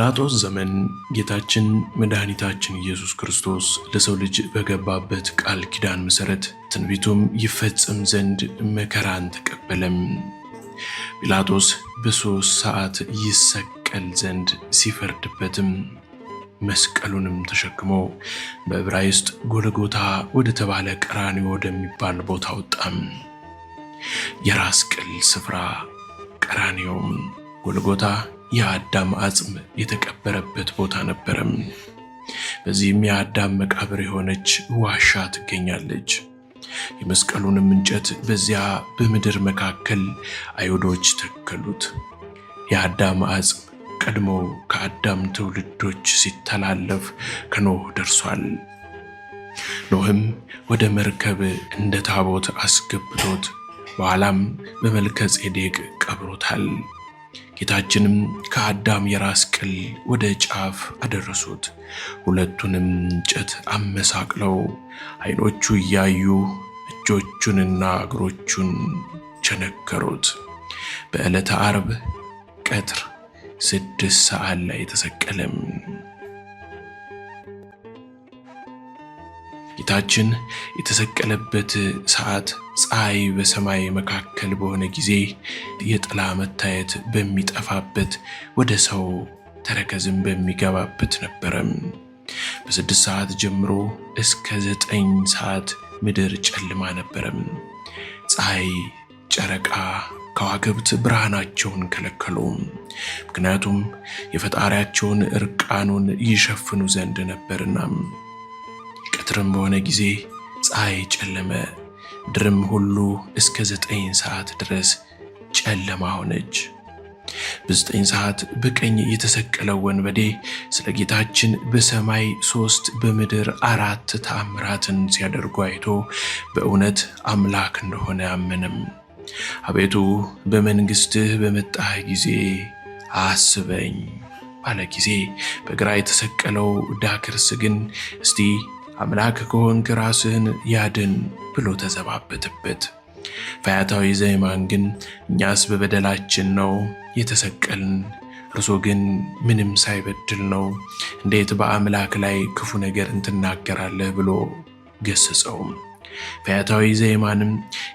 በጲላጦስ ዘመን ጌታችን መድኃኒታችን ኢየሱስ ክርስቶስ ለሰው ልጅ በገባበት ቃል ኪዳን መሠረት ትንቢቱም ይፈጸም ዘንድ መከራን ተቀበለም። ጲላጦስ በሦስት ሰዓት ይሰቀል ዘንድ ሲፈርድበትም መስቀሉንም ተሸክሞ በዕብራይስጥ ጎልጎታ ወደ ተባለ ቀራኒ ወደሚባል ቦታ ወጣም። የራስ ቅል ስፍራ ቀራንዮም ጎልጎታ የአዳም አጽም የተቀበረበት ቦታ ነበረም። በዚህም የአዳም መቃብር የሆነች ዋሻ ትገኛለች። የመስቀሉንም እንጨት በዚያ በምድር መካከል አይሁዶች ተከሉት። የአዳም አጽም ቀድሞ ከአዳም ትውልዶች ሲተላለፍ ከኖህ ደርሷል። ኖህም ወደ መርከብ እንደ ታቦት አስገብቶት በኋላም በመልከ ጼዴቅ ቀብሮታል። ጌታችንም ከአዳም የራስ ቅል ወደ ጫፍ አደረሱት። ሁለቱንም እንጨት አመሳቅለው ዓይኖቹ እያዩ እጆቹንና እግሮቹን ቸነከሩት። በዕለተ ዓርብ ቀትር ስድስት ሰዓት ላይ ተሰቀለም። ጌታችን የተሰቀለበት ሰዓት ፀሐይ በሰማይ መካከል በሆነ ጊዜ የጥላ መታየት በሚጠፋበት ወደ ሰው ተረከዝም በሚገባበት ነበረም። በስድስት ሰዓት ጀምሮ እስከ ዘጠኝ ሰዓት ምድር ጨልማ ነበረም። ፀሐይ፣ ጨረቃ፣ ከዋክብት ብርሃናቸውን ከለከሉ። ምክንያቱም የፈጣሪያቸውን እርቃኑን ይሸፍኑ ዘንድ ነበርና። ቀትርም በሆነ ጊዜ ፀሐይ ጨለመ፣ ምድርም ሁሉ እስከ ዘጠኝ ሰዓት ድረስ ጨለማ ሆነች። በዘጠኝ ሰዓት በቀኝ የተሰቀለው ወንበዴ ስለ ጌታችን በሰማይ ሶስት በምድር አራት ተአምራትን ሲያደርጉ አይቶ በእውነት አምላክ እንደሆነ አመንም። አቤቱ በመንግስትህ በመጣህ ጊዜ አስበኝ ባለ ጊዜ በግራ የተሰቀለው ዳክርስ ግን እስቲ አምላክ ከሆንክ ራስህን ያድን ብሎ ተዘባበተበት። ፈያታዊ ዘይማን ግን እኛስ በበደላችን ነው የተሰቀልን፣ እርሶ ግን ምንም ሳይበድል ነው፣ እንዴት በአምላክ ላይ ክፉ ነገር እንትናገራለህ ብሎ ገሰጸውም። ፈያታዊ ዘይማንም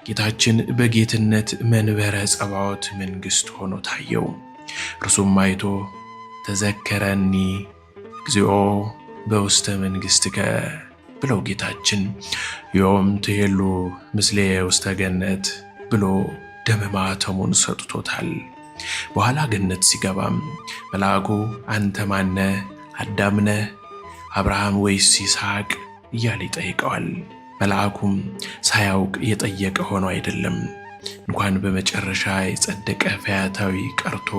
ጌታችን በጌትነት መንበረ ጸባዖት መንግሥት ሆኖ ታየው። እርሱም አይቶ ተዘከረኒ እግዚኦ በውስተ መንግሥትከ ብለው ጌታችን ዮም ትሄሉ ምስሌ ውስተ ገነት ብሎ ደመ ማኅተሙን ሰጥቶታል። በኋላ ገነት ሲገባም መልአኩ አንተ ማነ አዳምነ አብርሃም ወይስ ይስሐቅ እያለ ይጠይቀዋል። መልአኩም ሳያውቅ የጠየቀ ሆኖ አይደለም። እንኳን በመጨረሻ የጸደቀ ፈያታዊ ቀርቶ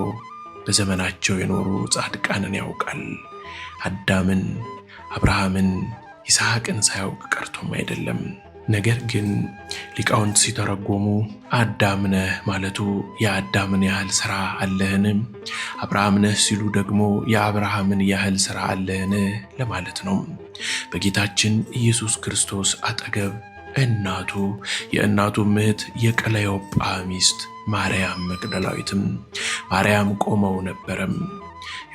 በዘመናቸው የኖሩ ጻድቃንን ያውቃል። አዳምን፣ አብርሃምን ይስሐቅን ሳያውቅ ቀርቶም አይደለም። ነገር ግን ሊቃውንት ሲተረጎሙ አዳም ነህ ማለቱ የአዳምን ያህል ሥራ አለህን፣ አብርሃም ነህ ሲሉ ደግሞ የአብርሃምን ያህል ሥራ አለህን ለማለት ነው። በጌታችን ኢየሱስ ክርስቶስ አጠገብ እናቱ የእናቱ ምህት የቀለዮጳ ሚስት ማርያም መግደላዊትም ማርያም ቆመው ነበረም።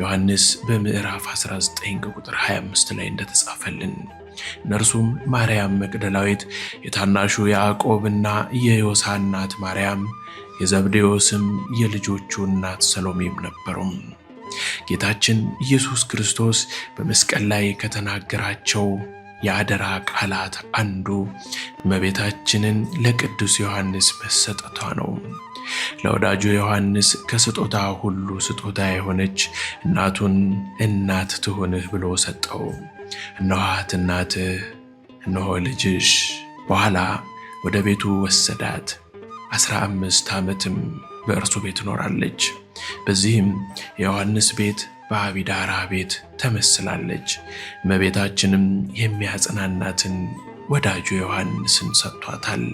ዮሐንስ በምዕራፍ 19 ቁጥር 25 ላይ እንደተጻፈልን እነርሱም ማርያም መቅደላዊት፣ የታናሹ ያዕቆብና የዮሳ እናት ማርያም፣ የዘብዴዎስም የልጆቹ እናት ሰሎሜም ነበሩም። ጌታችን ኢየሱስ ክርስቶስ በመስቀል ላይ ከተናገራቸው የአደራ ቃላት አንዱ እመቤታችንን ለቅዱስ ዮሐንስ መሰጠቷ ነው። ለወዳጁ ዮሐንስ ከስጦታ ሁሉ ስጦታ የሆነች እናቱን እናት ትሆንህ ብሎ ሰጠው። እነኋት እናትህ፣ እነሆ ልጅሽ። በኋላ ወደ ቤቱ ወሰዳት። አስራ አምስት ዓመትም በእርሱ ቤት ኖራለች። በዚህም የዮሐንስ ቤት በአቢዳራ ቤት ተመስላለች። እመቤታችንም የሚያጽናናትን ወዳጁ ዮሐንስን ሰጥቷታል።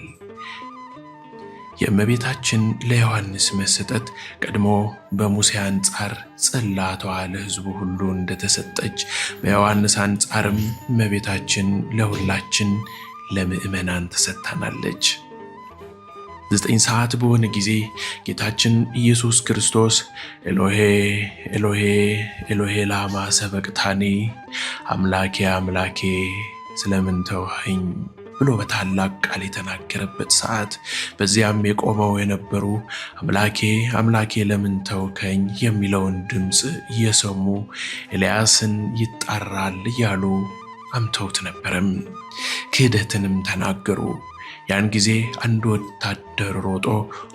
የእመቤታችን ለዮሐንስ መሰጠት ቀድሞ በሙሴ አንጻር ጽላቷ ለሕዝቡ ሁሉ እንደተሰጠች በዮሐንስ አንጻርም እመቤታችን ለሁላችን ለምዕመናን ተሰጥታናለች። ዘጠኝ ሰዓት በሆነ ጊዜ ጌታችን ኢየሱስ ክርስቶስ ኤሎሄ ኤሎሄ ኤሎሄ ላማ ሰበቅታኒ፣ አምላኬ አምላኬ ስለምን ተውኸኝ ብሎ በታላቅ ቃል የተናገረበት ሰዓት፣ በዚያም የቆመው የነበሩ አምላኬ አምላኬ ለምን ተውከኝ የሚለውን ድምፅ እየሰሙ ኤልያስን ይጣራል እያሉ አምተውት ነበረም። ክህደትንም ተናገሩ። ያን ጊዜ አንድ ወታደር ሮጦ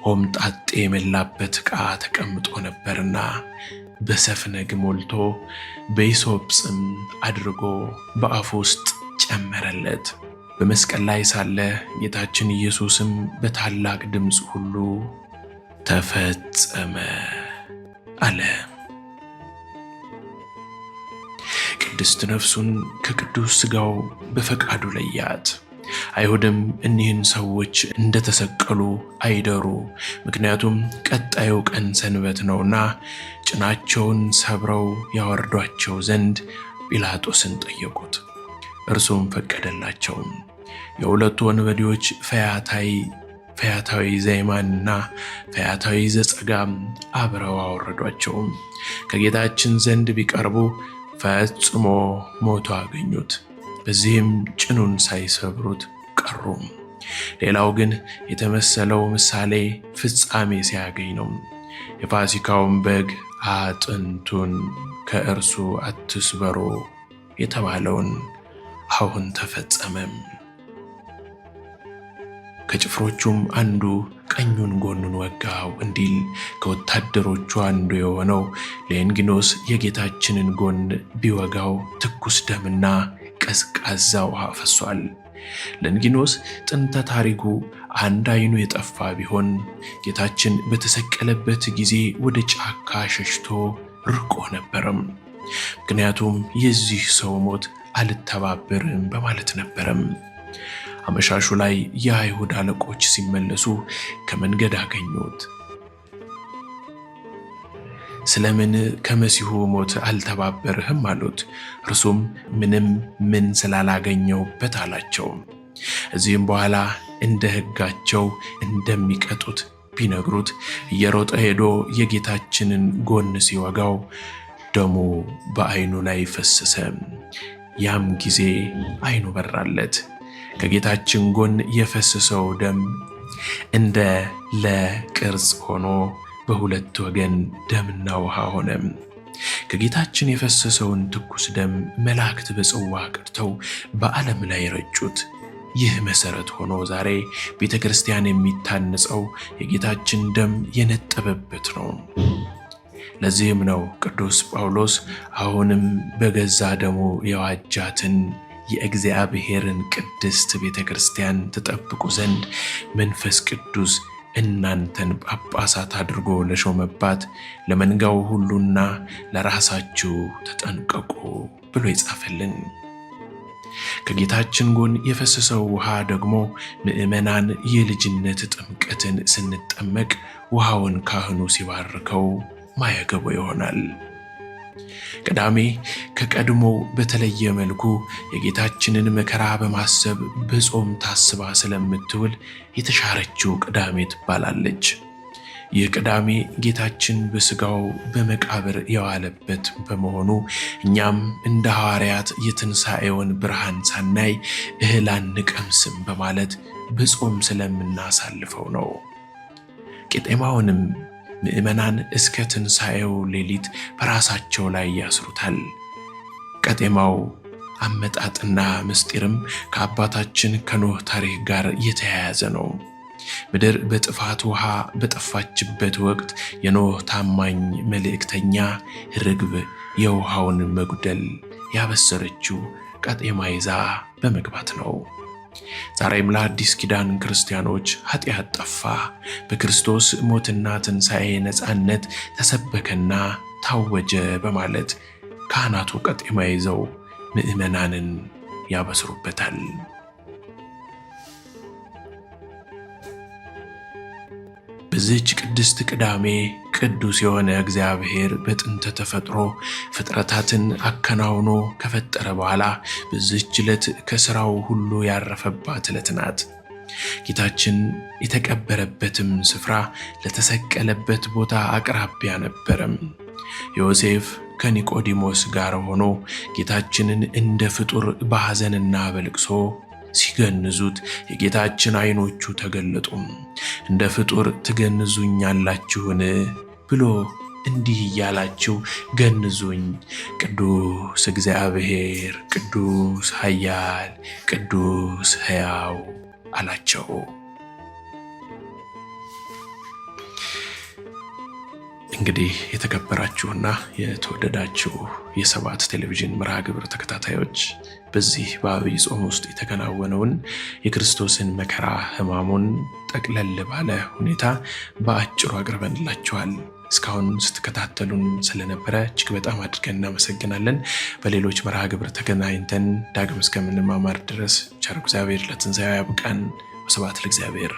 ሆምጣጤ የሞላበት ዕቃ ተቀምጦ ነበርና በሰፍነግ ሞልቶ በይሶጵስም አድርጎ በአፉ ውስጥ ጨመረለት። በመስቀል ላይ ሳለ ጌታችን ኢየሱስም በታላቅ ድምፅ ሁሉ ተፈጸመ አለ። ቅድስት ነፍሱን ከቅዱስ ሥጋው በፈቃዱ ለያት። አይሁድም እኒህን ሰዎች እንደተሰቀሉ አይደሩ፣ ምክንያቱም ቀጣዩ ቀን ሰንበት ነውና፣ ጭናቸውን ሰብረው ያወርዷቸው ዘንድ ጲላጦስን ጠየቁት። እርሱም ፈቀደላቸው። የሁለቱ ወንበዴዎች ፈያታይ ፈያታዊ ዘይማንና ፈያታዊ ዘጸጋም አብረው አወረዷቸው። ከጌታችን ዘንድ ቢቀርቡ ፈጽሞ ሞቶ አገኙት። በዚህም ጭኑን ሳይሰብሩት ቀሩ። ሌላው ግን የተመሰለው ምሳሌ ፍጻሜ ሲያገኝ ነው። የፋሲካውን በግ አጥንቱን ከእርሱ አትስበሮ የተባለውን አሁን ተፈጸመም። ከጭፍሮቹም አንዱ ቀኙን ጎኑን ወጋው እንዲል ከወታደሮቹ አንዱ የሆነው ለእንግኖስ የጌታችንን ጎን ቢወጋው ትኩስ ደምና ቀዝቃዛ ውሃ ፈሷል። ለንጊኖስ ጥንተ ታሪኩ አንድ አይኑ የጠፋ ቢሆን ጌታችን በተሰቀለበት ጊዜ ወደ ጫካ ሸሽቶ ርቆ ነበረም። ምክንያቱም የዚህ ሰው ሞት አልተባበርም በማለት ነበረም። አመሻሹ ላይ የአይሁድ አለቆች ሲመለሱ ከመንገድ አገኙት። ስለምን ከመሲሁ ሞት አልተባበርህም አሉት። እርሱም ምንም ምን ስላላገኘውበት አላቸው። እዚህም በኋላ እንደ ሕጋቸው እንደሚቀጡት ቢነግሩት እየሮጠ ሄዶ የጌታችንን ጎን ሲወጋው ደሙ በአይኑ ላይ ፈሰሰ። ያም ጊዜ አይኑ በራለት ከጌታችን ጎን የፈሰሰው ደም እንደ ለቅርጽ ሆኖ በሁለት ወገን ደምና ውሃ ሆነም። ከጌታችን የፈሰሰውን ትኩስ ደም መላእክት በጽዋ ቀድተው በዓለም ላይ ረጩት። ይህ መሰረት ሆኖ ዛሬ ቤተ ክርስቲያን የሚታነጸው የጌታችን ደም የነጠበበት ነው። ለዚህም ነው ቅዱስ ጳውሎስ አሁንም በገዛ ደሙ የዋጃትን የእግዚአብሔርን ቅድስት ቤተ ክርስቲያን ትጠብቁ ዘንድ መንፈስ ቅዱስ እናንተን ጳጳሳት አድርጎ ለሾመባት ለመንጋው ሁሉና ለራሳችሁ ተጠንቀቁ ብሎ ይጻፈልን። ከጌታችን ጎን የፈሰሰው ውሃ ደግሞ ምዕመናን የልጅነት ጥምቀትን ስንጠመቅ ውሃውን ካህኑ ሲባርከው ማያገቡ ይሆናል። ቅዳሜ ከቀድሞ በተለየ መልኩ የጌታችንን መከራ በማሰብ በጾም ታስባ ስለምትውል የተሻረችው ቅዳሜ ትባላለች። ይህ ቅዳሜ ጌታችን በሥጋው በመቃብር የዋለበት በመሆኑ እኛም እንደ ሐዋርያት የትንሣኤውን ብርሃን ሳናይ እህል አንቀምስም በማለት በጾም ስለምናሳልፈው ነው። ቄጤማውንም ምዕመናን እስከ ትንሣኤው ሌሊት በራሳቸው ላይ ያስሩታል። ቀጤማው አመጣጥና ምስጢርም ከአባታችን ከኖህ ታሪክ ጋር የተያያዘ ነው። ምድር በጥፋት ውሃ በጠፋችበት ወቅት የኖህ ታማኝ መልእክተኛ ርግብ የውሃውን መጉደል ያበሰረችው ቀጤማ ይዛ በመግባት ነው። ዛሬም ለአዲስ ኪዳን ክርስቲያኖች ኃጢአት ጠፋ፣ በክርስቶስ ሞትና ትንሣኤ ነፃነት ተሰበከና ታወጀ በማለት ካህናቱ ቀጤማ ይዘው ምዕመናንን ያበስሩበታል። በዚች ቅድስት ቅዳሜ ቅዱስ የሆነ እግዚአብሔር በጥንተ ተፈጥሮ ፍጥረታትን አከናውኖ ከፈጠረ በኋላ በዚች ዕለት ከሥራው ሁሉ ያረፈባት ዕለት ናት። ጌታችን የተቀበረበትም ስፍራ ለተሰቀለበት ቦታ አቅራቢያ ነበረም። ዮሴፍ ከኒቆዲሞስ ጋር ሆኖ ጌታችንን እንደ ፍጡር በሐዘንና በልቅሶ ሲገንዙት የጌታችን ዓይኖቹ ተገለጡም። እንደ ፍጡር ትገንዙኛላችሁን ብሎ እንዲህ እያላችሁ ገንዙኝ። ቅዱስ እግዚአብሔር ቅዱስ ኃያል ቅዱስ ሕያው አላቸው። እንግዲህ የተከበራችሁና የተወደዳችሁ የሰባት ቴሌቪዥን መርሃ ግብር ተከታታዮች በዚህ በአብይ ጾም ውስጥ የተከናወነውን የክርስቶስን መከራ ሕማሙን ጠቅለል ባለ ሁኔታ በአጭሩ አቅርበንላችኋል። እስካሁን ስትከታተሉን ስለነበረ እጅግ በጣም አድርገን እናመሰግናለን። በሌሎች መርሃ ግብር ተገናኝተን ዳግም እስከምንማማር ድረስ ቸር እግዚአብሔር ለትንሣኤ ያብቃን። ወስብሐት ለእግዚአብሔር።